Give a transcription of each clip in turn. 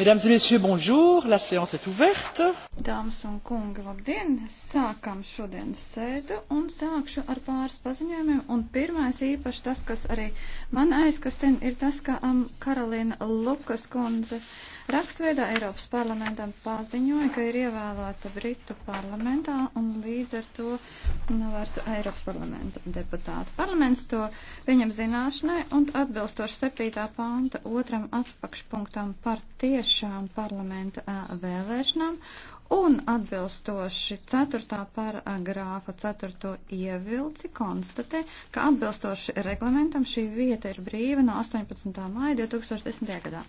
mesdames et messieurs bonjour la séance est ouverte. Dāmas un kungi, labdien! Sākam šodienas sēdu un sākšu ar pāris paziņojumiem. Un pirmais īpaši tas, kas arī man aizkastin, ir tas, ka um, Karolina Lukas kundze rakstveidā Eiropas parlamentam paziņoja, ka ir ievēlēta Britu parlamentā un līdz ar to novērstu Eiropas parlamenta deputātu. Parlaments to viņam zināšanai un atbilstoši 7. panta otram atpakšpunktam par tiešām parlamenta uh, vēlēšanām Un atbilstoši 4. paragrāfa 4. ievilci konstatē, ka atbilstoši reglamentam šī vieta ir brīva no 18. māja 2010. gadā.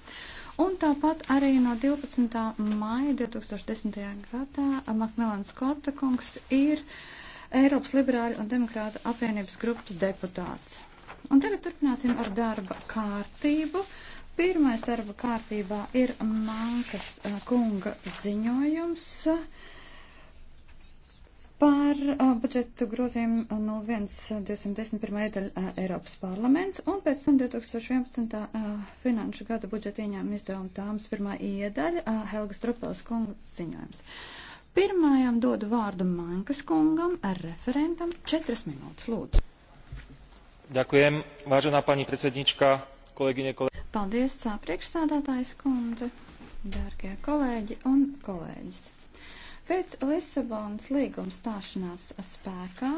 Un tāpat arī no 12. māja 2010. gadā Makmelans Skota kungs ir Eiropas Liberāļu un Demokrāta apvienības grupas deputāts. Un tagad turpināsim ar darba kārtību. Uh, Pirmais darba kārtībā ir Mankas kunga ziņojums par budžetu grozījumu 01.211. daļa Eiropas parlaments un pēc tam 2011. finanšu gada budžeta ieņēmuma izdevuma tāmas pirmā iedaļa Helga Strupels kunga ziņojums. Pirmajam dodu vārdu Mankas kungam, referentam, četras minūtes lūdzu. Ďakujem, vážená pani predsednička, kolegyne, kolegyne. Paldies, priekšstādātājs kundze, dārgie kolēģi un kolēģis. Pēc Lisabonas līguma stāšanās spēkā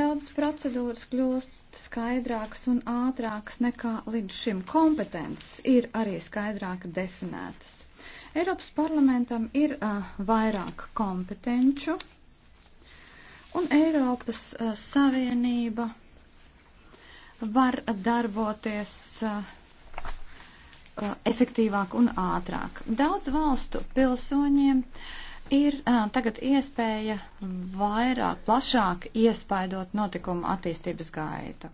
daudz procedūras kļūst skaidrākas un ātrākas nekā līdz šim. Kompetences ir arī skaidrāk definētas. Eiropas parlamentam ir uh, vairāk kompetenču, un Eiropas uh, Savienība var darboties uh, efektīvāk un ātrāk. Daudz valstu pilsoņiem ir tagad iespēja vairāk, plašāk iespaidot notikumu attīstības gaitu.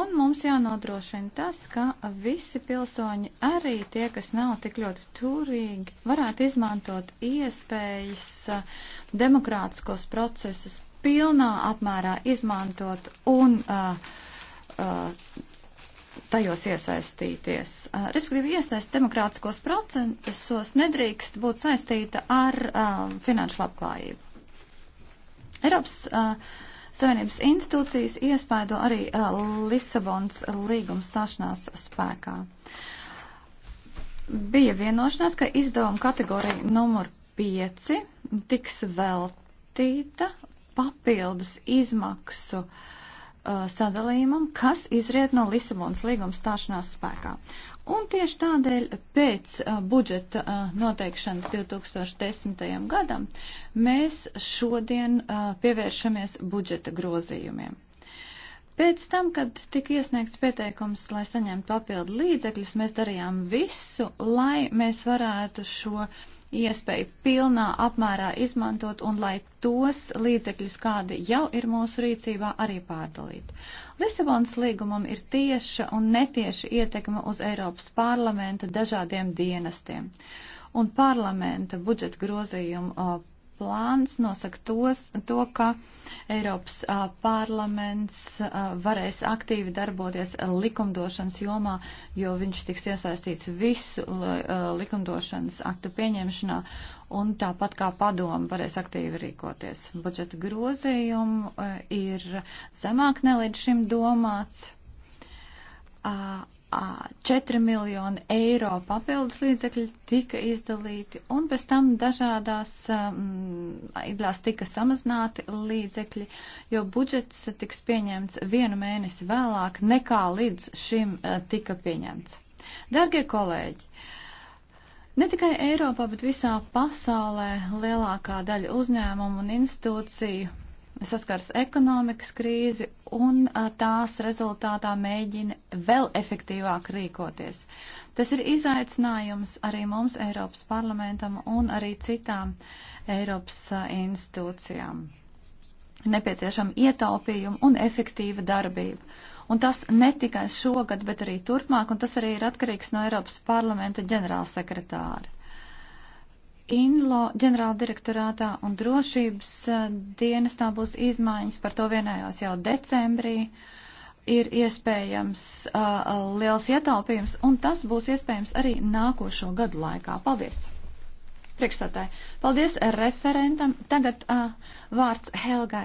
Un mums jānodrošina tas, ka visi pilsoņi, arī tie, kas nav tik ļoti turīgi, varētu izmantot iespējas demokrātiskos procesus pilnā apmērā izmantot un uh, uh, tajos iesaistīties. Respektīvi, iesaist demokrātiskos procesos nedrīkst būt saistīta ar uh, finanšu labklājību. Eiropas uh, Savienības institūcijas iespaido arī uh, Lisabons līgums stāšanās spēkā. Bija vienošanās, ka izdevuma kategorija numur 5 tiks veltīta papildus izmaksu uh, uh, sadalījumam, kas izriet no Lisabonas līguma stāšanās spēkā. Un tieši tādēļ pēc uh, budžeta uh, noteikšanas 2010. gadam mēs šodien uh, pievēršamies budžeta grozījumiem. Pēc tam, kad tika iesniegts pieteikums, lai saņemtu papildu līdzekļus, mēs darījām visu, lai mēs varētu šo uh, iespēju pilnā apmērā izmantot un lai tos līdzekļus, kādi jau ir mūsu rīcībā, arī pārdalīt. Lisabonas līgumam ir tieša un netieša ietekme uz Eiropas parlamenta dažādiem dienestiem. Un parlamenta budžeta grozījumu plāns nosaka tos, to, ka Eiropas a, parlaments a, varēs aktīvi darboties likumdošanas jomā, jo viņš tiks iesaistīts visu a, likumdošanas aktu pieņemšanā un tāpat kā padomu varēs aktīvi rīkoties. Budžeta grozījumu ir zemāk nelīdz šim domāts 4 miljoni eiro papildus līdzekļi tika izdalīti, un pēc tam dažādās mm, idlās tika samazināti līdzekļi, jo budžets tiks pieņemts vienu mēnesi vēlāk nekā līdz šim tika pieņemts. Dargie kolēģi! Ne tikai Eiropā, bet visā pasaulē lielākā daļa uzņēmumu un institūciju saskars ekonomikas krīzi un tās rezultātā mēģina vēl efektīvāk rīkoties. Tas ir izaicinājums arī mums, Eiropas parlamentam un arī citām Eiropas institūcijām. Nepieciešama ietaupījuma un efektīva darbība. Un tas ne tikai šogad, bet arī turpmāk, un tas arī ir atkarīgs no Eiropas parlamenta ģenerālsekretāra. INLO ģenerāla direktorātā un drošības eh, dienestā būs izmaiņas, par to vienējās jau decembrī. Ir iespējams uh, liels ietaupījums, un tas būs iespējams arī nākošo gadu laikā. Paldies! Priekšstādāji, paldies referentam. Tagad uh, vārds Helgai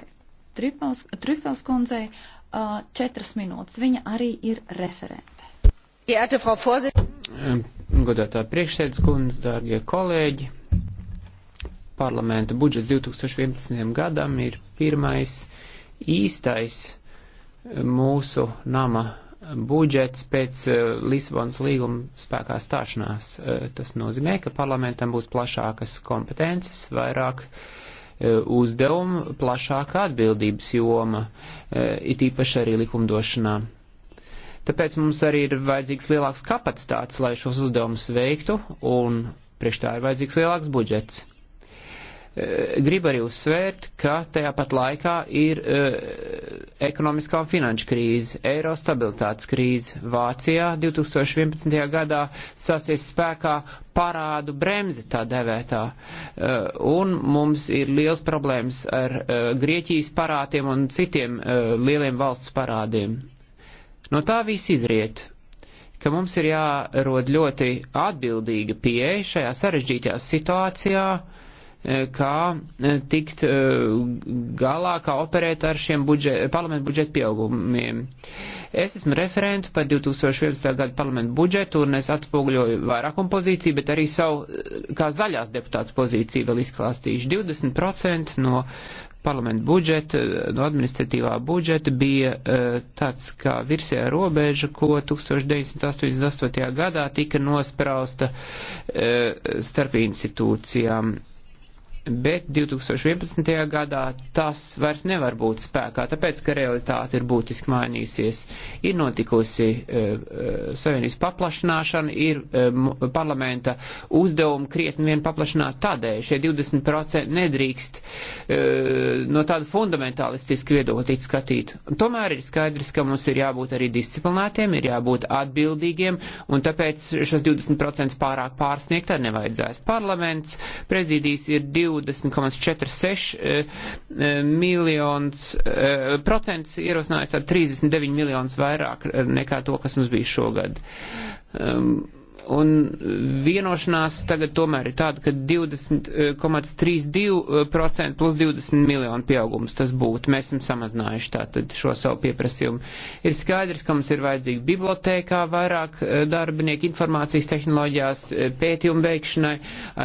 Trüfels kundzei uh, četras minūtes. Viņa arī ir referente. Godātā priekšsēdus kundze, dārgie kolēģi! parlamenta budžets 2011. gadam ir pirmais īstais eh, mūsu nama budžets pēc eh, Lisabonas līguma spēkā stāšanās. Eh, tas nozīmē, ka parlamentam būs plašākas kompetences, vairāk uzdevumu, plašāka atbildības joma, it īpaši arī likumdošanā. Tāpēc mums arī ir vajadzīgs lielāks kapacitāts, lai šos uzdevumus veiktu, un priekš tā ir vajadzīgs lielāks budžets. Eh, Gribu arī uzsvērt, ka tajā pat laikā ir eh, ekonomiskā un finanšu krīze, eiro stabilitātes krīze. Vācijā 2011. gadā sasies spēkā parādu bremzi tā devētā. Eh, un mums ir liels problēmas ar Grieķijas parādiem un citiem lieliem valsts parādiem. No tā viss izriet ka mums ir jārod ļoti atbildīga pieeja šajā sarežģītajā situācijā, uh, E, kā e, tikt e, galā, kā operēt ar šiem budžet, parlamentu budžetu pieaugumiem. Es esmu referentu par 2011. gadu parlamentu budžetu un es atspoguļoju vairākumu pozīciju, bet arī savu kā zaļās deputāts pozīciju vēl izklāstīšu. 20% no parlamentu budžeta, no administratīvā budžeta bija tāds kā virsējā robeža, ko 1988. gadā tika nosprausta starp institūcijām bet 2011. gadā tas vairs nevar būt spēkā, tāpēc, ka realitāte ir būtiski mainīsies. Ir notikusi e, e, savienības paplašināšana, ir e, parlamenta uzdevumi krietni vien paplašināt tādēļ. Šie 20% nedrīkst e, no tāda fundamentālistiska viedokļa tikt skatīt. Tomēr ir skaidrs, ka mums ir jābūt arī disciplinētiem, ir jābūt atbildīgiem, un tāpēc šos 20% pārāk pārsniegt arī nevajadzētu. Parlaments, prezidijs ir divi 20,46 eh, eh, miljonus eh, procents ierosinājis, tad 39 miljonus vairāk nekā to, kas mums bija šogad. Um, Un vienošanās tagad tomēr ir tāda, ka 20,32% eh, eh, plus 20 miljonu pieaugums tas būtu. Mēs esam samazinājuši tātad šo savu pieprasījumu. Ir skaidrs, ka mums ir vajadzīgi bibliotēkā vairāk eh, darbinieku informācijas tehnoloģijās pētījumu veikšanai,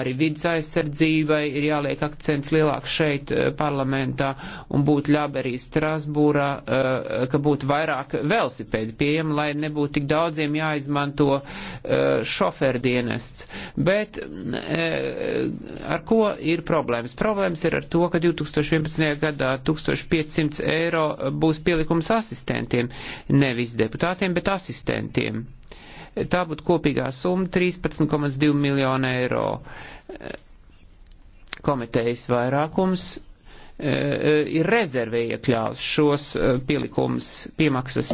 arī vidas aizsardzībai ir jāliek akcents lielāks šeit parlamentā un būtu ļabi arī Strasbūrā, ka būtu vairāk velosipēdu pieejama, lai nebūtu tik daudziem jāizmanto šoferdienests. Bet e, ar ko ir problēmas? Problēmas ir ar to, ka 2011. gadā 1500 eiro būs pielikums asistentiem, nevis deputātiem, bet asistentiem. Tā būtu kopīgā summa 13,2 miljonu eiro. E, komitejas vairākums E, e, ir rezervē iekļāvis šos e, pielikumus piemaksas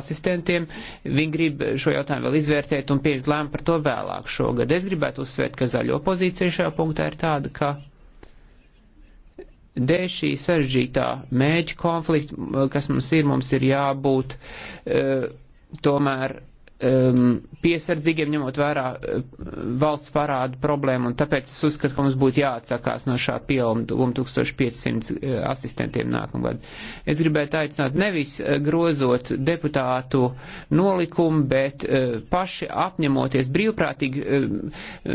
asistentiem. Viņi grib šo jautājumu vēl izvērtēt un pieņemt lēmumu par to vēlāk šogad. Es gribētu uzsvērt, ka zaļo pozīcija šajā punktā ir tāda, ka dēļ šī sarežģītā mēģi konflikta, kas mums ir, mums ir jābūt tomēr um, piesardzīgiem, ņemot vērā uh, valsts parādu problēmu, un tāpēc es uzskatu, ka mums būtu jāatsakās no šā pieauguma 1500 uh, asistentiem nākamgad. Es gribētu aicināt nevis uh, grozot deputātu nolikumu, bet uh, paši apņemoties brīvprātīgi uh,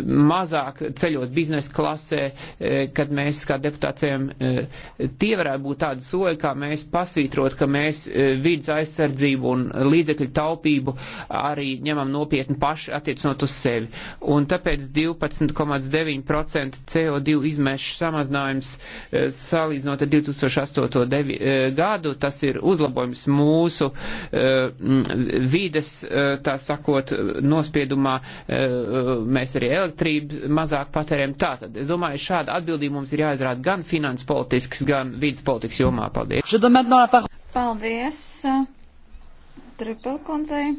mazāk ceļot biznesa klasē, uh, kad mēs kā deputācijiem, uh, tie varētu būt tādi soļi, kā mēs pasvītrot, ka mēs uh, vidas aizsardzību un līdzekļu taupību uh, arī ņemam nopietni paši attiecinot uz sevi. Un tāpēc 12,9% CO2 izmešu samazinājums e, salīdzinot ar 2008. E, gadu, tas ir uzlabojums mūsu e, vides, tā sakot, nospiedumā. Mēs arī elektrību mazāk patērēm. Tātad, es domāju, šāda atbildība mums ir jāizrāda gan finanses politisks, gan vidas politikas jomā. Paldies! Paldies! Tripelkundzei.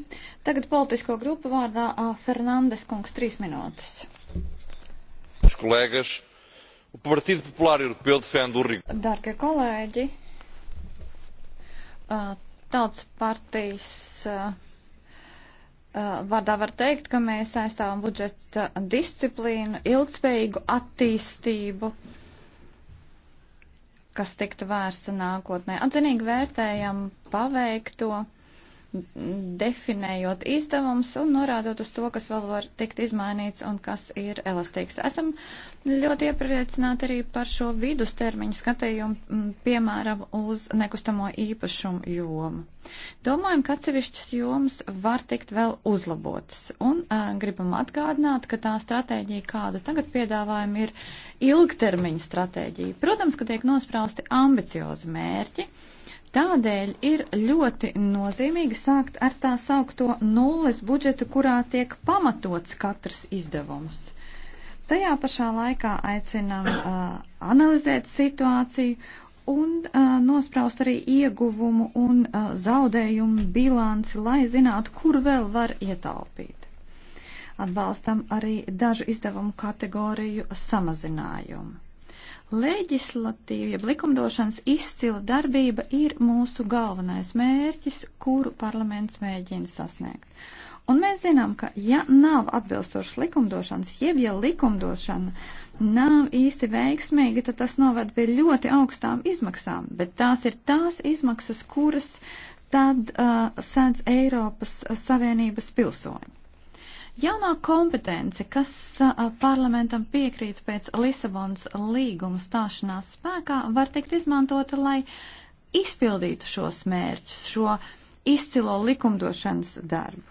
Tagad politisko grupu vārdā Fernandes kungs trīs minūtes. Kolēgas, o Partido Popular Europeu defende o rigor. Dargie kolēģi, tautas partijas vārdā var teikt, ka mēs aizstāvam budžeta disciplīnu, ilgspējīgu attīstību, kas tiktu vērsta nākotnē. Atzinīgi vērtējam paveikto definējot izdevumus un norādot uz to, kas vēl var tikt izmainīts un kas ir elastīgs. Esam ļoti iepriecināti arī par šo vidustermiņu skatījumu, mm, piemēram, uz nekustamo īpašumu jomu. Domājam, ka atsevišķas jomas var tikt vēl uzlabotas un uh, gribam atgādināt, ka tā stratēģija, kādu tagad piedāvājam, ir ilgtermiņa stratēģija. Protams, ka tiek nosprausti ambiciozi mērķi. Uh, Tādēļ ir ļoti nozīmīgi sākt ar tā saukto nulles budžetu, kurā tiek pamatots katrs izdevums. Tajā pašā laikā aicinām uh, analizēt situāciju un uh, nospraust arī ieguvumu un uh, zaudējumu bilanci, lai zinātu, kur vēl var ietaupīt. Atbalstam arī dažu izdevumu kategoriju samazinājumu Leģislatīva, likumdošanas izcila darbība ir mūsu galvenais mērķis, kuru parlaments mēģina sasniegt. Un mēs zinām, ka ja nav atbilstošas likumdošanas, jeb ja likumdošana nav īsti veiksmīga, tad tas noved pie ļoti augstām izmaksām, bet tās ir tās izmaksas, kuras tad uh, sēdz Eiropas Savienības pilsoņi. Jaunā kompetence, kas parlamentam piekrīt pēc Lisabonas līguma stāšanās spēkā, var tikt izmantota, lai izpildītu šos mērķus, šo izcilo likumdošanas darbu.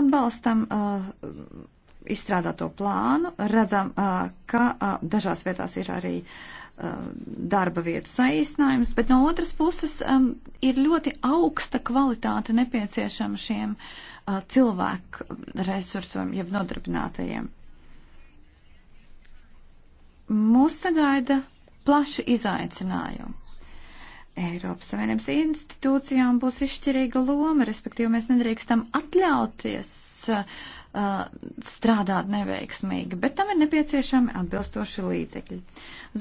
Atbalstam uh, izstrādāto plānu, redzam, uh, ka uh, dažās vietās ir arī uh, darba vietu saīsinājums, bet no otras puses um, ir ļoti augsta kvalitāte nepieciešama šiem uh, cilvēku resursiem, jeb nodarbinātajiem. Mūs sagaida plaši izaicinājumi. Eiropas Savienības institūcijām būs izšķirīga loma, respektīvi mēs nedrīkstam atļauties uh, strādāt neveiksmīgi, bet tam ir nepieciešami atbilstoši līdzekļi.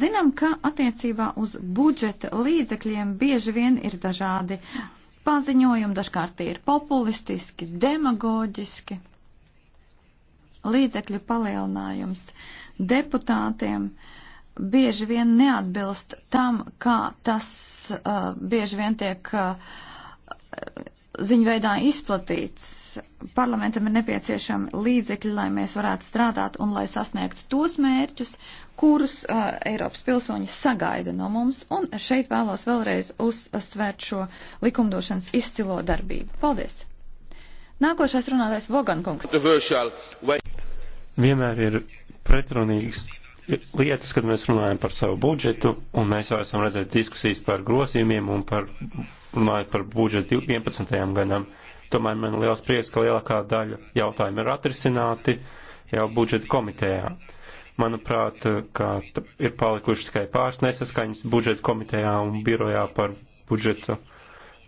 Zinām, ka attiecībā uz budžeta līdzekļiem bieži vien ir dažādi uh, paziņojumi, dažkārt tie ir populistiski, demagoģiski. Līdzekļu palielinājums deputātiem bieži vien neatbilst tam, kā tas uh, bieži vien tiek uh, ziņveidā izplatīts Parlamentam ir nepieciešami līdzekļi, lai mēs varētu strādāt un lai sasniegtu tos mērķus, kurus uh, Eiropas pilsoņi sagaida no mums. Un šeit vēlos vēlreiz uzsvērt šo likumdošanas izcilo darbību. Paldies! Nākošais runātais Vogankungs. Vienmēr ir pretrunīgas lietas, kad mēs runājam par savu budžetu, un mēs jau esam redzējuši diskusijas par grozījumiem un par, runājot par budžetu 11. gadam. Uh, Tomēr man liels prieks, ka lielākā daļa jautājumu ir atrisināti jau budžeta komitejā. Manuprāt, ka ir palikuši tikai pāris nesaskaņas budžeta komitejā un birojā par budžetu.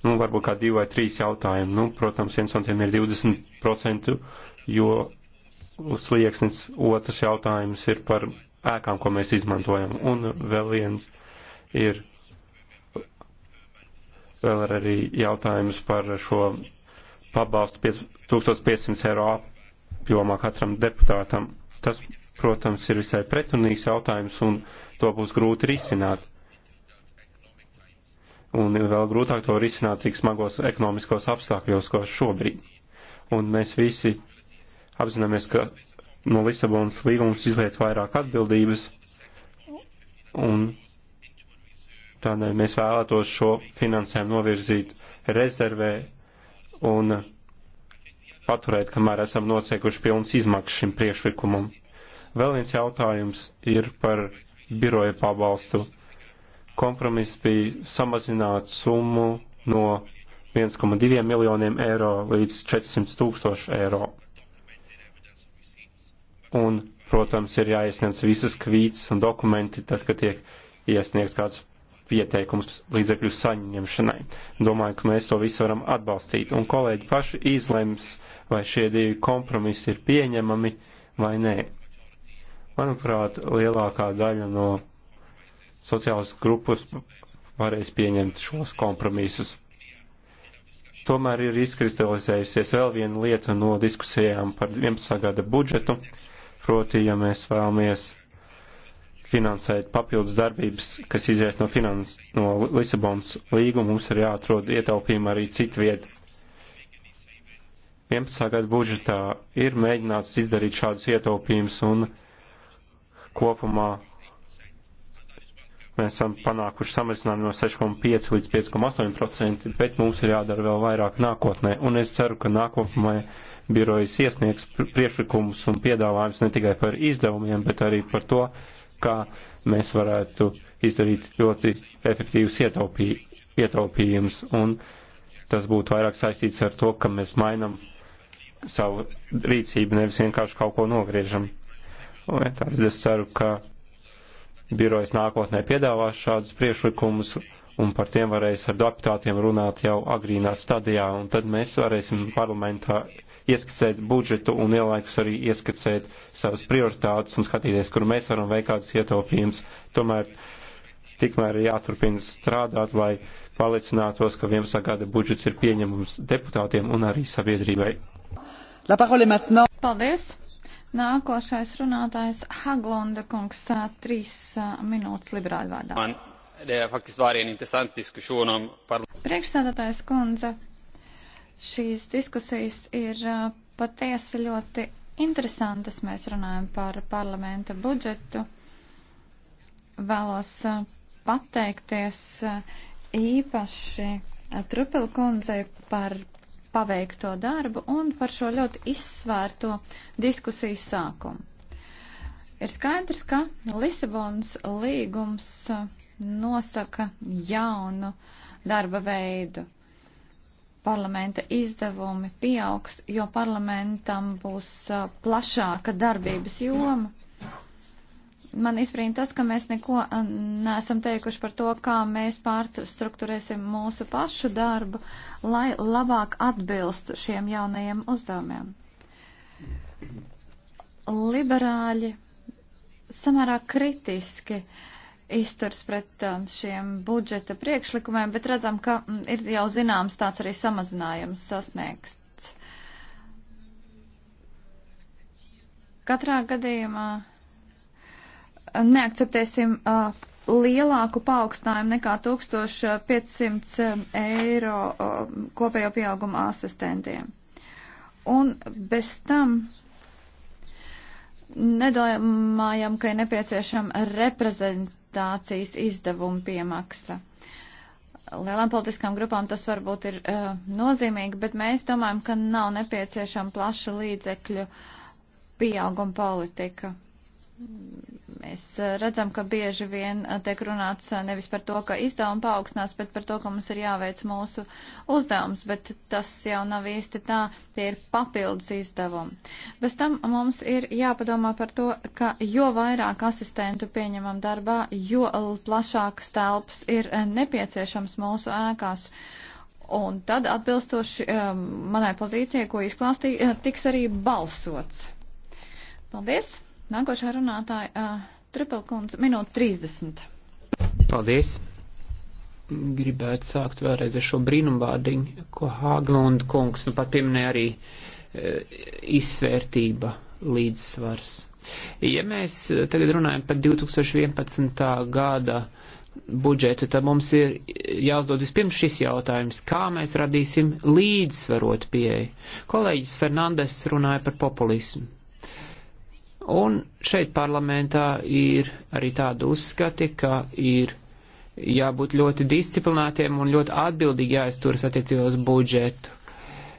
Nu, varbūt kā divi vai trīs jautājumi. Nu, protams, viens no tiem ir 20%, jo slieksnis otrs jautājums ir par ēkām, ko mēs izmantojam. Un vēl viens ir vēl arī jautājums par šo pabalstu 1500 eiro apjomā katram deputātam. Tas, protams, ir visai pretrunīgs jautājums un to būs grūti risināt. Un vēl grūtāk to risināt tik smagos ekonomiskos apstākļos, ko šobrīd. Un mēs visi apzināmies, ka no Lisabonas līgums izliet vairāk atbildības, un tādēļ mēs vēlētos šo finansējumu novirzīt rezervē un paturēt, kamēr esam nociekuši pilnas izmaksas šim priekšlikumam. Vēl viens jautājums ir par biroja pabalstu. Kompromiss bija samazināt summu no 1,2 miljoniem eiro līdz 400 tūkstošu eiro. Un, protams, ir jāiesniedz visas kvītas un dokumenti, tad, kad tiek iesniegts kāds pieteikumus līdzekļu saņemšanai. Domāju, ka mēs to visu varam atbalstīt, un kolēģi paši izlems, vai šie divi kompromisi ir pieņemami vai nē. Manuprāt, lielākā daļa no sociālas grupas varēs pieņemt šos kompromisus. Tomēr ir izkristalizējusies vēl viena lieta no diskusijām par 11. gada budžetu, proti, ja mēs vēlamies finansēt papildus darbības, kas iziet no, finans, no Lisabonas līguma, mums ir jāatrod ietaupījumi arī citu vietu. 11. gada budžetā ir mēģināts izdarīt šādus ietaupījumus un kopumā mēs esam panākuši samazinājumu no 6,5 līdz 5,8%, bet mums ir jādara vēl vairāk nākotnē. Un es ceru, ka nākotnē birojas iesniegs priekšlikumus un piedāvājums ne tikai par izdevumiem, bet arī par to, uh, kā mēs varētu izdarīt ļoti efektīvus ietaupī, ietaupījumus, un tas būtu vairāk saistīts ar to, ka mēs mainam savu rīcību, nevis vienkārši kaut ko nogriežam. Un tātad es ceru, ka birojas nākotnē piedāvās šādus priešlikumus, un par tiem varēs ar deputātiem runāt jau agrīnā stadijā, un tad mēs varēsim parlamentā ieskicēt budžetu un ielaikus arī ieskicēt savas prioritātes un skatīties, kur mēs varam veikt kādas ietaupījumus. Tomēr tikmēr ir jāturpina strādāt, lai pārliecinātos, ka 11. gada budžets ir pieņemams deputātiem un arī sabiedrībai. Paldies! Nākošais runātājs Haglonda kungs, trīs minūtes liberāļu vārdā. Man, det eh, är faktiskt varit en intressant diskussion om... Priekšsēdētājs kundze, Šīs diskusijas ir patiesi ļoti interesantas. Mēs runājam par parlamenta budžetu. Vēlos pateikties īpaši Trupelu kundzei par paveikto darbu un par šo ļoti izsvērto diskusiju sākumu. Ir skaidrs, ka Lisabonas līgums nosaka jaunu darba veidu parlamenta izdevumi pieaugs, jo parlamentam būs uh, plašāka darbības joma. Man izbrīna tas, ka mēs neko uh, neesam teikuši par to, kā mēs pārstruktūrēsim mūsu pašu darbu, lai labāk atbilstu šiem jaunajiem uzdevumiem. Liberāļi samērā kritiski uh, izturs pret um, šiem budžeta priekšlikumiem, bet redzam, ka mm, ir jau zināms tāds arī samazinājums sasniegts. Katrā gadījumā um, neakceptēsim uh, lielāku paaugstinājumu nekā 1500 um, eiro kopējo pieauguma asistentiem. Un bez tam nedomājam, ka ir nepieciešama reprezent, konsultācijas izdevuma piemaksa. Lielām politiskām grupām tas varbūt ir uh, nozīmīgi, bet mēs domājam, ka nav nepieciešama plaša līdzekļu pieauguma politika. Mēs eh, redzam, ka bieži vien eh, tiek runāts eh, nevis par to, ka izdevumi paaugstinās, bet par to, ka mums ir jāveic mūsu uzdevums, bet tas jau nav īsti tā, tie ir papildus izdevumi. Bez tam mums ir jāpadomā par to, ka jo vairāk asistentu pieņemam darbā, jo plašāks telps ir nepieciešams mūsu ēkās. Un tad atbilstoši um, manai pozīcijai, ko izklāstīju, tiks arī balsots. Paldies! Nākošā runātāja uh, Tripelkundze, minūte 30. Paldies! Gribētu sākt vēlreiz ar šo brīnumvārdiņu, ko Hāglund kungs nu pat pieminēja arī uh, izsvērtība līdzsvars. Ja mēs tagad runājam par 2011. gada budžetu, tad mums ir jāuzdod vispirms šis jautājums, kā mēs radīsim līdzsvarot pieeju. Kolēģis Fernandes runāja par populismu. Un šeit parlamentā ir arī tāda uzskati, ka ir jābūt ļoti disciplinētiem un ļoti atbildīgi jāizturas attiecībā uz budžetu.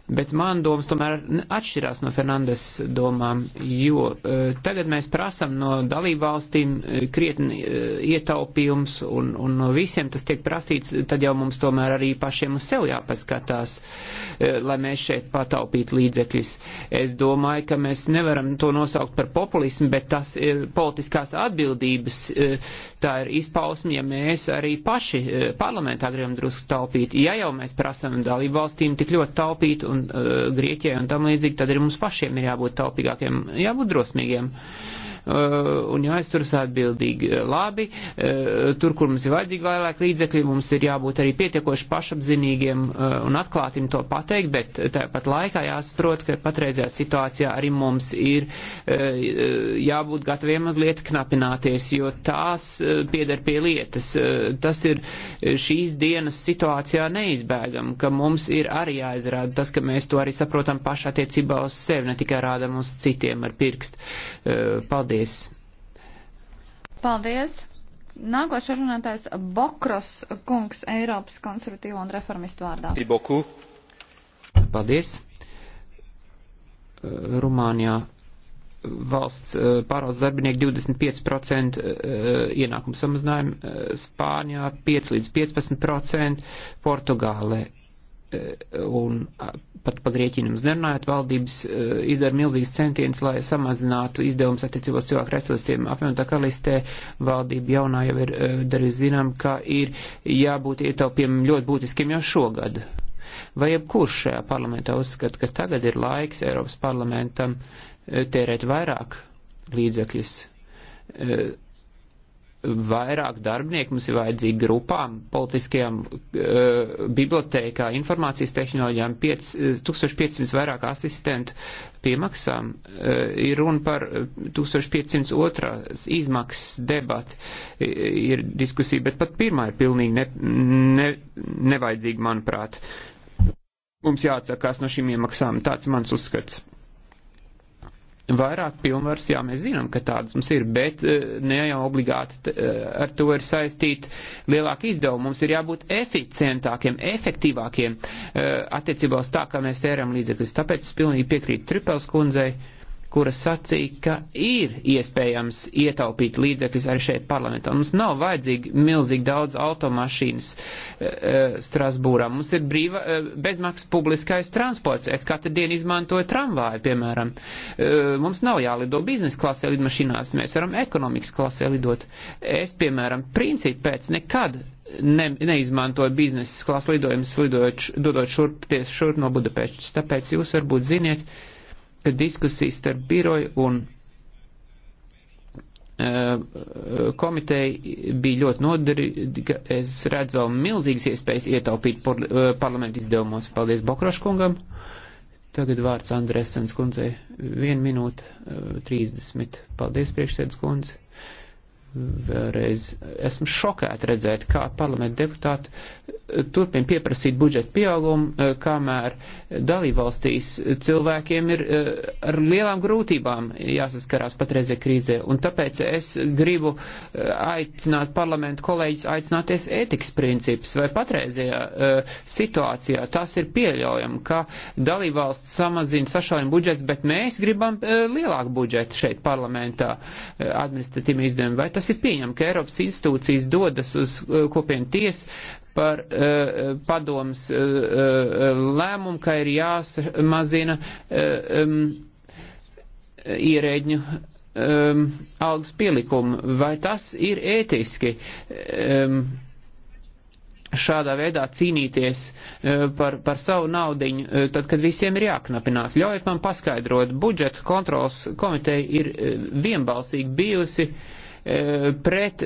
Bet man domas tomēr atšķirās no Fernandes domām, jo uh, tagad mēs prasam no dalību valstīm uh, krietni uh, ietaupījums un, un no visiem tas tiek prasīts, tad jau mums tomēr arī pašiem uz sev jāpaskatās, uh, lai mēs šeit pataupītu līdzekļus. Es domāju, ka mēs nevaram to nosaukt par populismu, bet tas ir politiskās atbildības, uh, tā ir izpausme, ja mēs arī paši uh, parlamentā gribam drusku taupīt. Ja jau mēs prasam dalību valstīm tik ļoti taupīt, un uh, Grieķijai un tam līdzīgi, tad arī mums pašiem ir jābūt taupīgākiem, jābūt drosmīgiem. Uh, Eh, un jāizturas atbildīgi eh, labi. Eh, tur, kur mums ir vajadzīgi vairāk līdzekļi, mums ir jābūt arī pietiekoši pašapzinīgiem un atklātiem to pateikt, bet tāpat laikā jāsaprot, ka patreizajā situācijā arī mums ir jābūt gataviem mazliet knapināties, jo tās pieder pie lietas. Tas ir šīs dienas situācijā neizbēgam, ka mums ir arī jāizrāda tas, ka mēs to arī saprotam pašā attiecībā uz sevi, ne tikai rādam uz citiem ar pirkstu. Paldies! Paldies! Paldies! Nākošais runātājs Bokros kungs Eiropas konservatīvo un reformistu vārdā. Tiboku. Paldies! Rumānijā valsts eh, pārvaldes darbinieki 25% eh, ienākumu samazinājumu, eh, Spānijā 5 līdz 15%, Portugālē Eh, un pat pa Grieķiju mums nerunājot, valdības eh, izdara milzīgas centienas, lai samazinātu izdevumus attiecībos cilvēku resursiem. Apvienotā karalistē valdība jaunā jau ir eh, darījusi zinām, ka ir jābūt ietaupiem ļoti būtiskiem jau šogad. Vai jebkurš šajā parlamentā uzskata, ka tagad ir laiks Eiropas parlamentam tērēt vairāk līdzekļus? vairāk darbinieku mums ir vajadzīgi grupām, politiskajām, uh, eh, bibliotēkā, informācijas tehnoloģijām, 5, 1500 eh, vairāk asistentu piemaksām, uh, ir runa par 1502 izmaksas debati, ir diskusija, bet pat pirmā ir pilnīgi ne, ne, nevajadzīga, manuprāt. Mums jāatsakās no šīm iemaksām, tāds mans uzskats vairāk pilnvars, jā, mēs zinām, ka tādas mums ir, bet eh, ne jau obligāti eh, ar to ir saistīta lielāka izdevuma. Mums ir jābūt eficientākiem, efektīvākiem eh, attiecībā uz tā, kā mēs tērām līdzekļus. Tāpēc es pilnīgi piekrītu Tripels kundzei kura sacīja, ka ir iespējams ietaupīt līdzekļus arī šeit parlamentā. Mums nav vajadzīgi milzīgi daudz automašīnas e, e, Strasbūrā. Mums ir brīva, e, bezmaksas publiskais transports. Es katru dienu izmantoju tramvāju, piemēram. E, mums nav jālido biznesa klasē lidmašīnās, mēs varam ekonomikas klasē lidot. Es, piemēram, principu pēc nekad ne, neizmantoja biznesa klases lidojumus, lidojot, dodot šurp, tieši šurp no Budapeštas. Tāpēc jūs varbūt ziniet, uh, diskusijas starp biroju un e, komiteja bija ļoti noderīga. Es redzu vēl milzīgas iespējas ietaupīt e, parlamentu izdevumos. Paldies Bokroškungam. Tagad vārds Andresens kundzei. 1 minūte 30. Paldies priekšsēdus kundzei. Vēlreiz esmu šokēta redzēt, kā parlamenta deputāti eh, turpina pieprasīt budžeta pieaugumu, eh, kamēr dalībvalstīs cilvēkiem ir eh, ar lielām grūtībām jāsaskarās patreizē krīzē. Un tāpēc es gribu aicināt parlamentu kolēģis aicināties ētikas principus vai patreizējā situācijā. Tas ir pieļaujami, ka dalībvalsts samazina sašaurina budžets, bet mēs gribam lielāku budžetu šeit parlamentā administratīviem izdevumiem. Vai tas Tas ir pieņem, ka Eiropas institūcijas dodas uz uh, kopienu tiesu par uh, padomas uh, uh, lēmumu, ka ir jāsamazina uh, um, ierēģņu um, algas pielikumu. Vai tas ir ētiski? Um, šādā veidā cīnīties uh, par, par savu naudiņu, tad, kad visiem ir jāknapinās. Ļaujiet man paskaidrot, budžeta kontrols komiteja ir vienbalsīgi bijusi uh, E, pret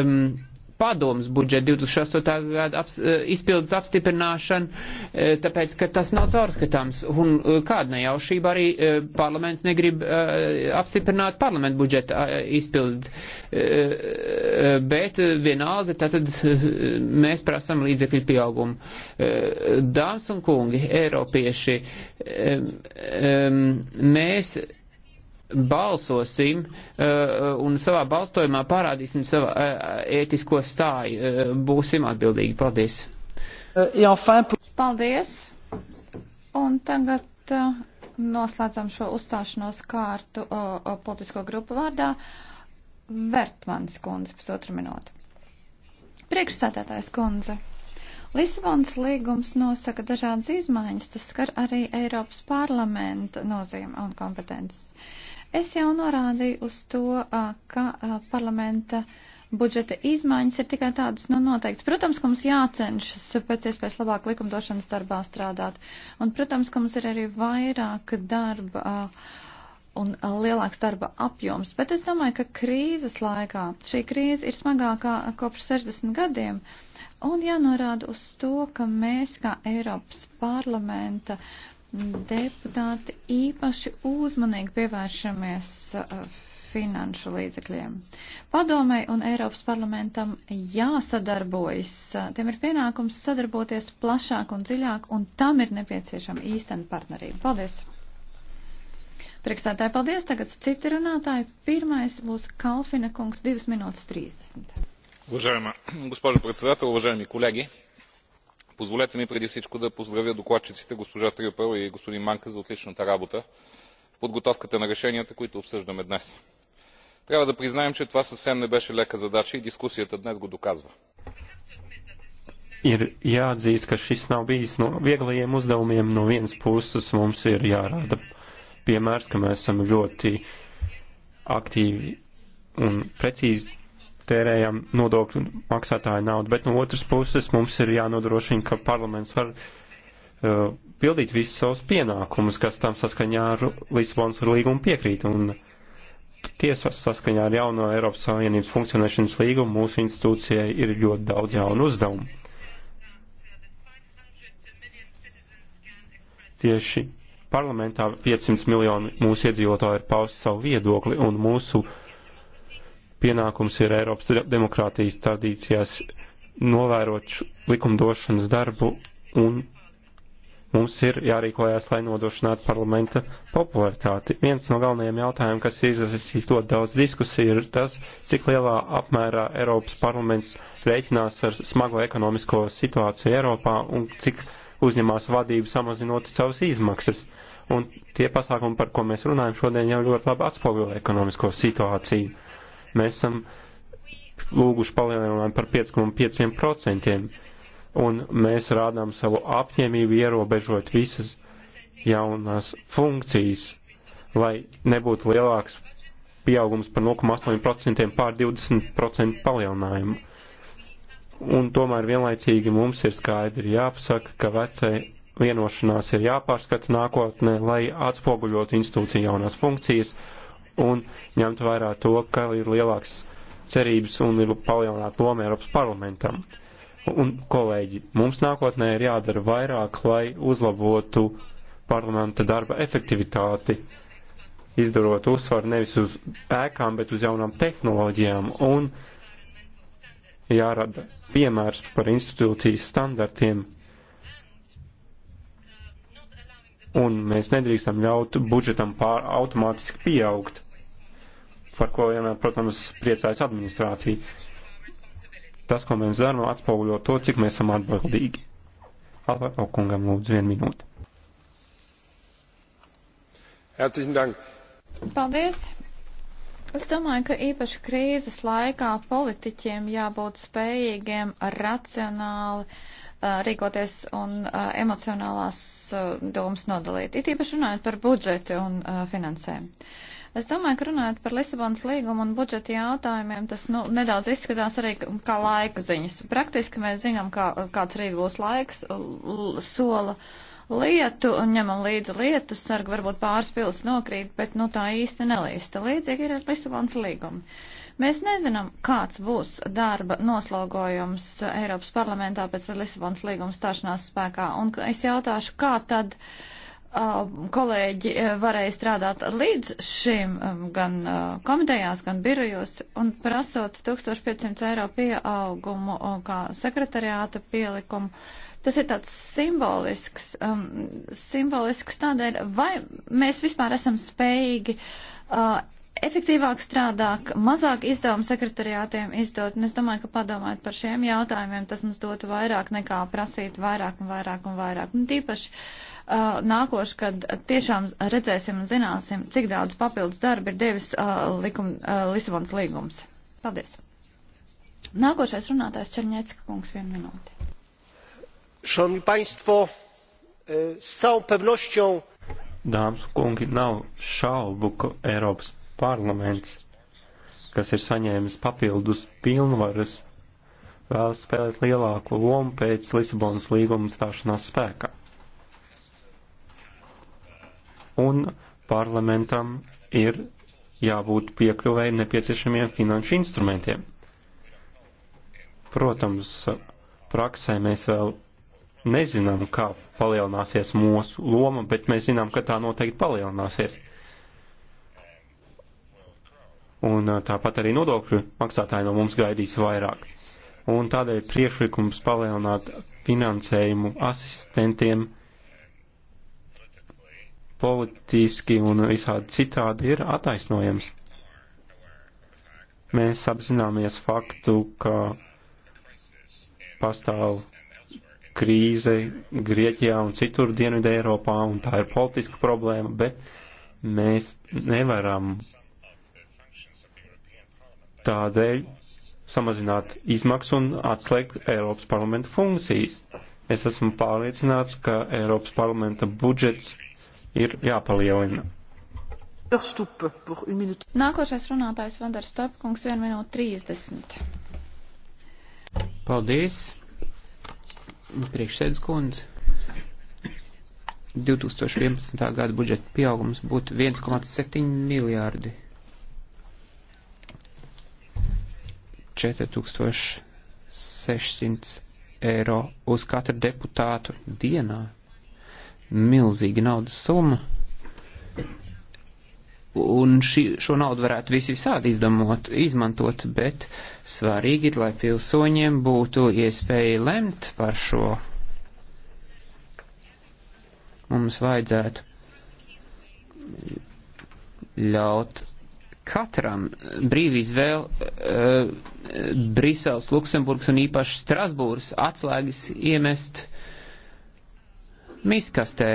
um, padomus budžetu 2008. gada aps, e, izpildus apstiprināšanu, e, tāpēc, ka tas nav caurskatāms. Un kāda nejaušība arī parlaments negrib apstiprināt parlamentu budžeta izpildus. Bet vienalga, tātad mēs prasam līdzekļu pieaugumu. Dāmas un kungi, Eiropieši, mēs balsosim uh, un savā balstojumā parādīsim savu uh, ētisko stāju. Uh, būsim atbildīgi. Paldies! Paldies! Un tagad uh, noslēdzam šo uzstāšanos kārtu uh, politisko grupu vārdā. Vertmans kundze, pusotru minūtu. Priekšsēdētājs kundze. Lisabonas līgums nosaka dažādas izmaiņas, tas skar arī Eiropas parlamenta nozīme un kompetences. Uh, Es jau norādīju uz to, ka parlamenta budžeta izmaiņas ir tikai tādas, nu, noteikts. Protams, ka mums jācenšas pēc iespējas labāk likumdošanas darbā strādāt. Un, protams, ka mums ir arī vairāk darba. Uh, un lielāks darba apjoms. Bet es domāju, ka krīzes laikā šī krīze ir smagākā kopš 60 gadiem. Un jānorāda uz to, ka mēs kā Eiropas parlamenta deputāti īpaši uzmanīgi pievēršamies uh, finanšu līdzekļiem. Padomei un Eiropas parlamentam jāsadarbojas. Uh, tiem ir pienākums sadarboties plašāk un dziļāk, un tam ir nepieciešama īstena partnerība. Paldies! Priekšsētāji, paldies! Tagad citi runātāji. Pirmais būs Kalfina kungs 2 minūtes 30. Уважаема госпожо председател, уважаеми колеги, позволете ми преди всичко да поздравя докладчиците госпожа трюпел и господин манка за отличната работа в подготовката на решенията които обсъждаме днес. трябва да признаем че това съвсем не беше лека задача и дискусията днес го доказва. Ir jāatzīst, ka šis nav bijis no vieglajiem uzdevumiem. No vienas puses mums ir jārāda piemērs, ka mēs esam ļoti aktīvi un precīzi tērējam nodokļu maksātāju naudu, bet no otras puses mums ir jānodrošina, ka parlaments var uh, pildīt visus savus pienākumus, kas tam saskaņā ar Lisabonas līgumu piekrīt. Un tiesas saskaņā ar jauno Eiropas Savienības funkcionēšanas līgumu mūsu institūcijai ir ļoti daudz jaunu uzdevumu. Tieši parlamentā 500 miljoni mūsu iedzīvotāji ir pausti savu viedokli un mūsu uh, pienākums ir Eiropas demokrātijas tradīcijās novērot likumdošanas darbu un mums ir jārīkojās, lai nodrošinātu parlamenta popularitāti. Viens no galvenajiem jautājumiem, kas izraisīs ļoti daudz diskusiju, ir tas, cik lielā apmērā Eiropas parlaments rēķinās ar smago ekonomisko situāciju Eiropā un cik uzņemās vadību samazinot savas izmaksas. Un tie pasākumi, par ko mēs runājam šodien, jau ļoti labi atspoguļo ekonomisko situāciju. Mēs esam lūguši palielinājumu par 5,5%, un mēs rādām savu apņēmību ierobežot visas jaunās funkcijas, lai nebūtu lielāks pieaugums par 0,8% pār 20% palielinājumu. Un tomēr vienlaicīgi mums ir skaidri jāpasaka, ka vecai vienošanās ir jāpārskata nākotnē, lai atspoguļotu institūciju jaunās funkcijas un ņemt vērā to, ka ir lielāks cerības un ir palielināta loma Eiropas parlamentam. Un, kolēģi, mums nākotnē ir jādara vairāk, lai uzlabotu parlamenta darba efektivitāti, izdarot uzsvaru nevis uz ēkām, bet uz jaunām tehnoloģijām un jārada piemērs par institūcijas standartiem, un mēs nedrīkstam ļaut budžetam pār automātiski pieaugt, par ko vienmēr, protams, priecājas administrācija. Tas, ko mēs darām, atspoguļo to, cik mēs esam atbildīgi. Alberto kungam lūdzu vienu minūti. Herzlichen Dank. Paldies. Es domāju, ka īpaši krīzes laikā politiķiem jābūt spējīgiem racionāli uh, rīkoties un emocionālās domas nodalīt. It īpaši runājot par budžeti un finansēm. Es domāju, ka runājot par Lisabonas līgumu un budžeta jautājumiem, tas nu, nedaudz izskatās arī kā laika ziņas. Praktiski mēs zinām, kā, kāds rīt būs laiks, sola lietu un ņemam līdzi lietu sargu, varbūt pāris pils nokrīt, bet nu tā īsti nelīsta. Līdzīgi ir ar Lisabonas līgumu. Mēs nezinām, kāds būs darba noslogojums Eiropas parlamentā pēc Lisabonas līguma stāšanās spēkā. Un es jautāšu, kā tad uh, kolēģi uh, varēja strādāt līdz šim um, gan uh, komitejās, gan birojos un prasot 1500 eiro pieaugumu uh, kā sekretariāta pielikumu. Tas ir tāds simbolisks, um, simbolisks tādēļ, vai mēs vispār esam spējīgi uh, efektīvāk strādāk, mazāk izdevumu sekretariātiem izdot, un es domāju, ka padomājot par šiem jautājumiem, tas mums dotu vairāk nekā prasīt vairāk un vairāk un vairāk. Un tīpaši uh, nākošu, kad tiešām redzēsim un zināsim, cik daudz papildus darba ir devis uh, likuma, uh, Lisabons līgums. Paldies. Nākošais runātājs Černiecka kungs vienu minūti. Szanowni Państwo, z uh, całą pewnością. Dāmas un kungi, nav šaubu, ka Eiropas parlaments, kas ir saņēmis papildus pilnvaras, vēlas spēlēt lielāku lomu pēc Lisabonas līguma stāšanās spēkā. Un parlamentam ir jābūt piekļuvēji nepieciešamiem finanšu instrumentiem. Protams, praksē mēs vēl nezinām, kā palielināsies mūsu loma, bet mēs zinām, ka tā noteikti palielināsies un tāpat arī nodokļu maksātāji no mums gaidīs vairāk. Un tādēļ priekšlikums palielināt finansējumu asistentiem politiski un visādi citādi ir attaisnojams. Mēs apzināmies faktu, ka pastāv krīze Grieķijā un citur Dienvidē Eiropā, un tā ir politiska problēma, bet mēs nevaram tādēļ samazināt izmaksu un atslēgt Eiropas parlamenta funkcijas. Es esmu pārliecināts, ka Eiropas parlamenta budžets ir jāpalielina. Nākošais runātājs Vandars Stopkungs 1 minūte 30. Paldies, priekšsēdus kundze. 2011. gada budžeta pieaugums būtu 1,7 miljārdi 4600 eiro uz katru deputātu dienā. Milzīga naudas summa. Un šī, šo naudu varētu visi visādi izdamot, izmantot, bet svarīgi ir, lai pilsoņiem būtu iespēja lemt par šo. Mums vajadzētu ļaut Katram brīvi izvēle uh, Briseles, Luksemburgas un īpaši Strasbūras atslēgas iemest miskastē.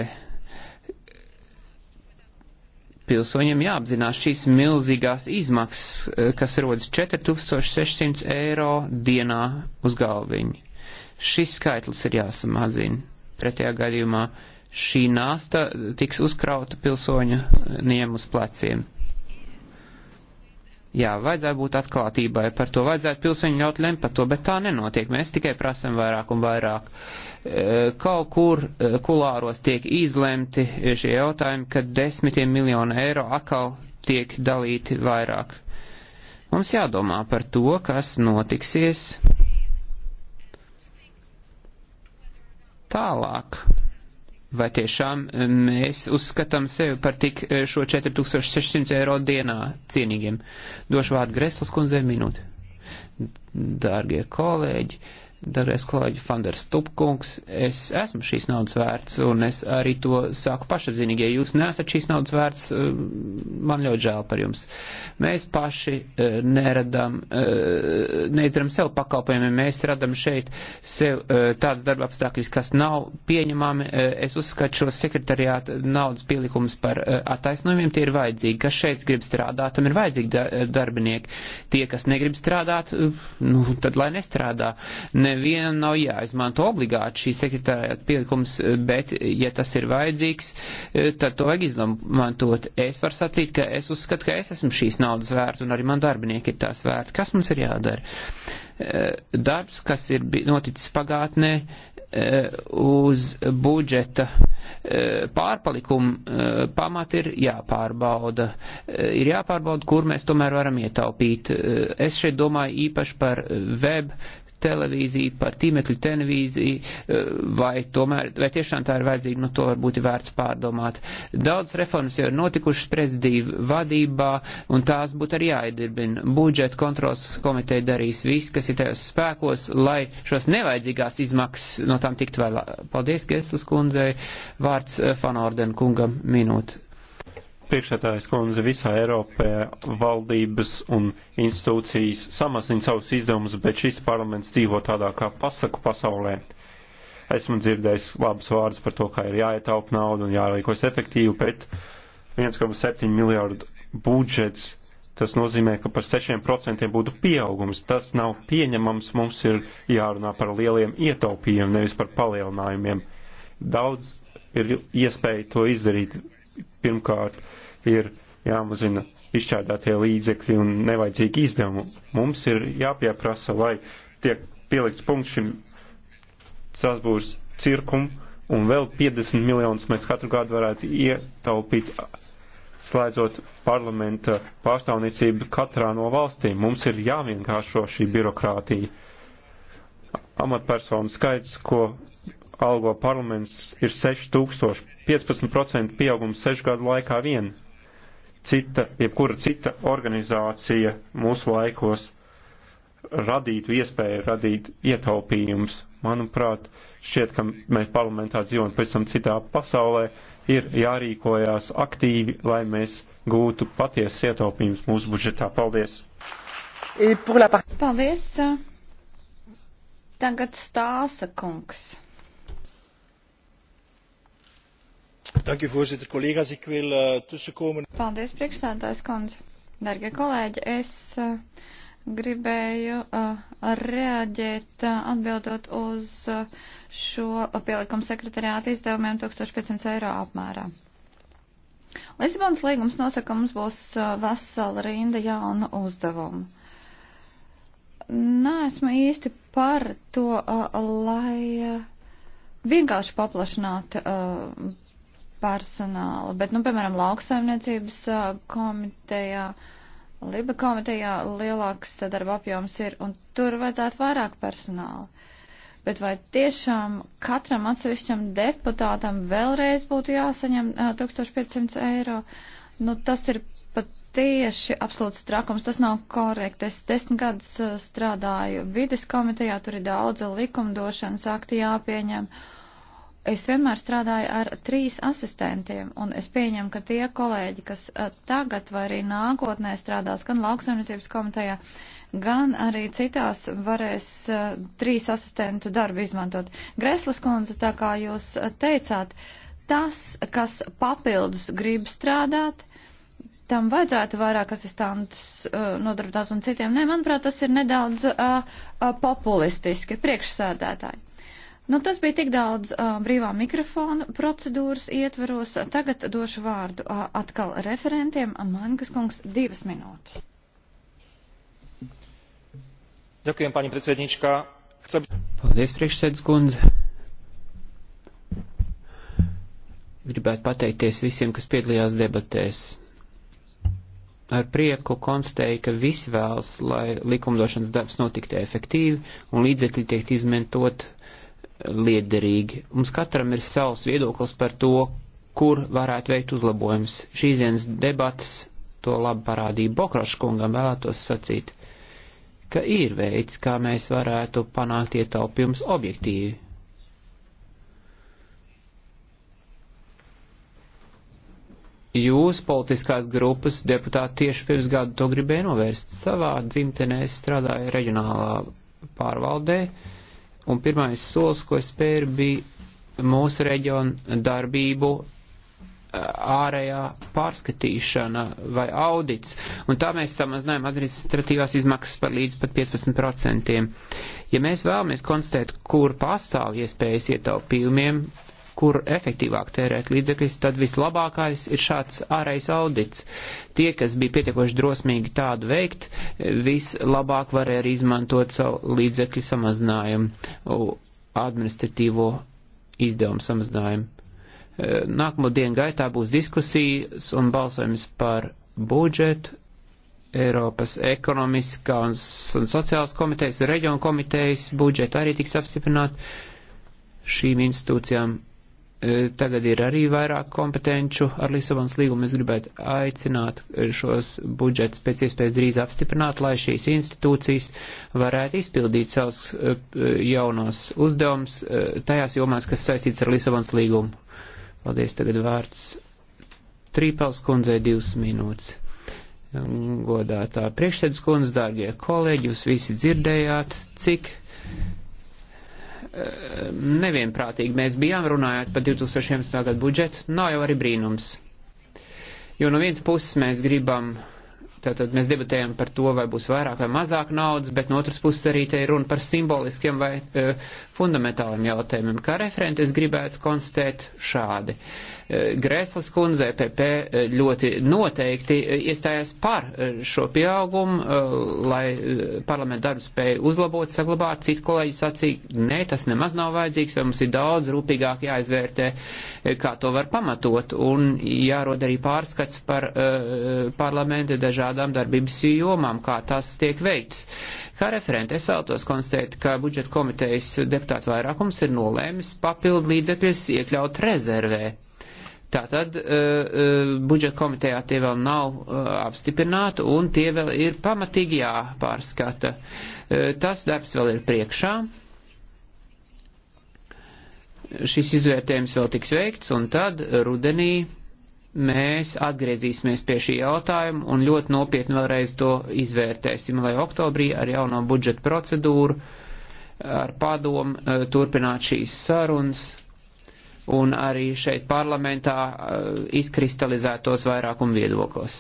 Pilsoņiem jāapzinās šīs milzīgās izmaksas, eh, kas rodas 4600 eiro dienā uz galviņu. Šis skaitlis ir jāsamazina. Pretējā gadījumā šī nasta tiks uzkrauta pilsoņiem uz pleciem. Jā, vajadzētu būt atklātībai, par to vajadzētu pilsoņiem ļaut lemt par to, bet tā nenotiek. Mēs tikai prasam vairāk un vairāk. E, kaut kur e, kulāros tiek izlemti šie jautājumi, kad desmitiem miljonu eiro atkal tiek dalīti vairāk. Mums jādomā par to, kas notiksies tālāk vai tiešām eh, mēs uzskatām sevi par tik eh, šo 4600 eiro dienā cienīgiem. Došu vārdu Greslas kundzei minūti. Dārgie kolēģi, Dargais kolēģi Fanders Tupkungs, es esmu šīs naudas vērts, un es arī to saku pašapzinīgi. Ja jūs nesat šīs naudas vērts, eh, man ļoti žēl par jums. Mēs paši eh, neradam, eh, neizdaram sev pakalpojumiem, mēs radam šeit sev tādas darba apstākļas, kas nav pieņemami. Es uzskatu šo sekretariātu naudas pielikumus par attaisnojumiem, tie ir vajadzīgi. Kas šeit grib strādāt, tam ir vajadzīgi darbinieki. Tie, kas negrib strādāt, nu, tad lai nestrādā. Ne nevienam nav jāizmanto obligāti šī sekretārāta pielikums, bet, ja tas ir vajadzīgs, e, tad to vajag izmantot. Es varu sacīt, ka es uzskatu, ka es esmu šīs naudas vērts un arī man darbinieki ir tās vērti. Kas mums ir jādara? E, darbs, kas ir noticis pagātnē, e, uz budžeta pārpalikumu pamati ir jāpārbauda. Ir jāpārbauda, kur mēs tomēr varam ietaupīt. Es šeit domāju īpaši par web televīziju, par tīmekļu televīziju, eh, vai tomēr, vai tiešām tā ir vajadzīga, nu to varbūt ir vērts pārdomāt. Daudz reformas jau ir notikušas prezidiju vadībā, un tās būtu arī jāiedirbina. Budžeta kontrols komiteja darīs viss, kas ir tajos spēkos, lai šos nevajadzīgās izmaksas no tām tiktu vēl. Paldies, Gestas kundzei, vārds Fanorden eh, kungam minūte priekšētājas kundze visā Eiropē valdības un institūcijas samazina savus izdevumus, bet šis parlaments dzīvo tādā kā pasaku pasaulē. Esmu dzirdējis labus vārdus par to, kā ir jāietaupa nauda un jārīkojas efektīvi, bet 1,7 miljārdu budžets, tas nozīmē, ka par 6% būtu pieaugums. Tas nav pieņemams, mums ir jārunā par lieliem ietaupījumiem, nevis par palielinājumiem. Daudz ir iespēja to izdarīt. Pirmkārt, ir jāmazina izšķērdētie līdzekļi un nevajadzīgi izdevumi. Mums ir jāpieprasa, lai tiek pielikts punkts šim Strasbūras cirkum un vēl 50 miljonus mēs katru gadu varētu ietaupīt slēdzot parlamenta pārstāvniecību katrā no valstīm. Mums ir jāvienkāršo šī birokrātija. Amatpersonu skaits, ko algo parlaments, ir 6000, 15% pieaugums sešu gadu laikā vien cita, jebkura cita organizācija mūsu laikos radītu iespēju radīt ietaupījums. Manuprāt, šķiet, ka mēs parlamentā dzīvojam pēc tam citā pasaulē, ir jārīkojās aktīvi, lai mēs gūtu patiesas ietaupījums mūsu budžetā. Paldies! Paldies! Tagad stāsta kungs. voorzitter collega's ik wil eh, tussenkomen. paldies priekšsēdētājas kundze dargie kolēģi es eh, gribēju eh, reaģēt atbildot uz šo pielikumu sekretariāta izdevumiem 1500 eiro apmērā. Lisabonas līgums nosaka, ka mums būs vesela rinda jaunu uzdevumu. Nē, esmu īsti par to, lai vienkārši paplašinātu personāla, bet, nu, piemēram, lauksaimniecības komitejā, Liba komitejā lielāks darba apjoms ir, un tur vajadzētu vairāk personāla. Bet vai tiešām katram atsevišķam deputātam vēlreiz būtu jāsaņem 1500 eiro? Nu, tas ir pat tieši absolūts trakums, tas nav korekti. Es desmit gadus strādāju vides komitejā, tur ir daudz likumdošanas akti jāpieņem. Uh, Es vienmēr strādāju ar trīs asistentiem, un es pieņemu, ka tie kolēģi, kas tagad vai arī nākotnē strādās gan lauksaimniecības komitejā, gan arī citās varēs trīs asistentu darbu izmantot. Greslas kundze, tā kā jūs teicāt, tas, kas papildus grib strādāt, tam vajadzētu vairāk asistentus uh, nodarbināt un citiem. Nē, manuprāt, tas ir nedaudz uh, uh, populistiski priekšsēdētāji. Nu, tas bija tik daudz uh, brīvā mikrofona procedūras ietveros. Tagad došu vārdu uh, atkal referentiem. Mankas kungs, divas minūtes. Ďakujem, pani predsednička. Chcem... Paldies, priekšsēdus kundze. Gribētu pateikties visiem, kas piedalījās debatēs. Ar prieku konstatēju, ka visi vēlas, lai likumdošanas darbs notiktu efektīvi un līdzekļi tiek izmantot liederīgi. Mums katram ir savs viedoklis par to, kur varētu veikt uzlabojums. Šīs dienas debatas to labi parādīja Bokraškungam vēlētos sacīt, ka ir veids, kā mēs varētu panākt ietaupījums objektīvi. Jūs, politiskās grupas deputāti, tieši pirms gadu to gribēja novērst. Savā dzimtenē strādāja reģionālā pārvaldē, uh, Un pirmais solis, ko es spēru, bija mūsu reģionu darbību ārējā pārskatīšana vai audits. Un tā mēs samazinājām administratīvās izmaksas par līdz pat 15%. Ja mēs vēlamies konstatēt, kur pastāv iespējas ietaupījumiem, kur efektīvāk tērēt līdzekļus, tad vislabākais ir šāds ārējs audits. Tie, kas bija pietiekoši drosmīgi tādu veikt, vislabāk varēja arī izmantot savu līdzekļu samazinājumu, administratīvo izdevumu samazinājumu. E, nākamo dienu gaitā būs diskusijas un balsojums par budžetu, Eiropas ekonomiskā un, un sociālas komitejas, reģiona komitejas budžeta arī tiks apstiprināt šīm institūcijām E, tagad ir arī vairāk kompetenču ar Lisabonas līgumu. Es gribētu aicināt šos budžetus pēc iespējas drīz apstiprināt, lai šīs institūcijas varētu izpildīt savus e, jaunos uzdevumus e, tajās jomās, kas saistīts ar Lisabonas līgumu. Paldies, tagad vārds Trīpels kundzei divas minūtes. Godātā priekšsēdus kundze, dārgie kolēģi, jūs visi dzirdējāt, cik nevienprātīgi mēs bijām runājot par 2011. gadu budžetu, nav jau arī brīnums. Jo no vienas puses mēs gribam, tātad mēs debatējam par to, vai būs vairāk vai mazāk naudas, bet no otras puses arī te ir runa par simboliskiem vai e, fundamentāliem jautājumiem. Kā referenti es gribētu konstatēt šādi. E, Grēslas kundze, PP e ļoti noteikti iestājās par e, šo pieaugumu, e, lai parlamentu darbu spēju uzlabot, saglabāt. Citi kolēģi sacīja, nē, tas nemaz nav vajadzīgs, vai mums ir daudz rūpīgāk jāizvērtē, kā to var pamatot. Un jārod arī pārskats par uh, parlamenta dažādām darbības jomām, kā tas tiek veikts. Kā referenti es vēlos konstatēt, ka budžeta komitejas deputātu vairākums ir nolēmis papildu līdzekļus iekļaut rezervē Tātad uh, uh, budžeta komitejā tie vēl nav uh, apstiprināti un tie vēl ir pamatīgi jāpārskata. Uh, tas darbs vēl ir priekšā. Šis izvērtējums vēl tiks veikts un tad rudenī mēs atgriezīsimies pie šī jautājuma un ļoti nopietni vēlreiz to izvērtēsim, lai oktobrī ar jauno budžeta procedūru, ar padomu turpināt šīs sarunas un arī šeit parlamentā eh, izkristalizētos vairākumu viedoklis.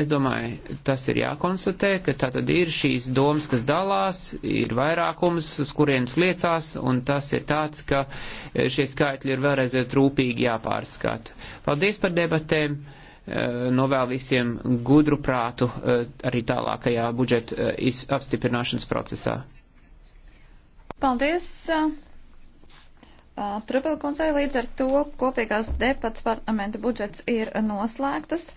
Es domāju, tas ir jākonstatē, ka tā tad ir šīs domas, kas dalās, ir vairākums, uz kurienes liecās, un tas ir tāds, ka eh, šie skaitļi ir vēlreiz trūpīgi jāpārskata. Paldies par debatēm, eh, novēl visiem gudru prātu arī tālākajā budžeta apstiprināšanas procesā. Paldies! Uh, Trupelkundzei līdz ar to kopīgās debats parlamenta budžets ir noslēgtas.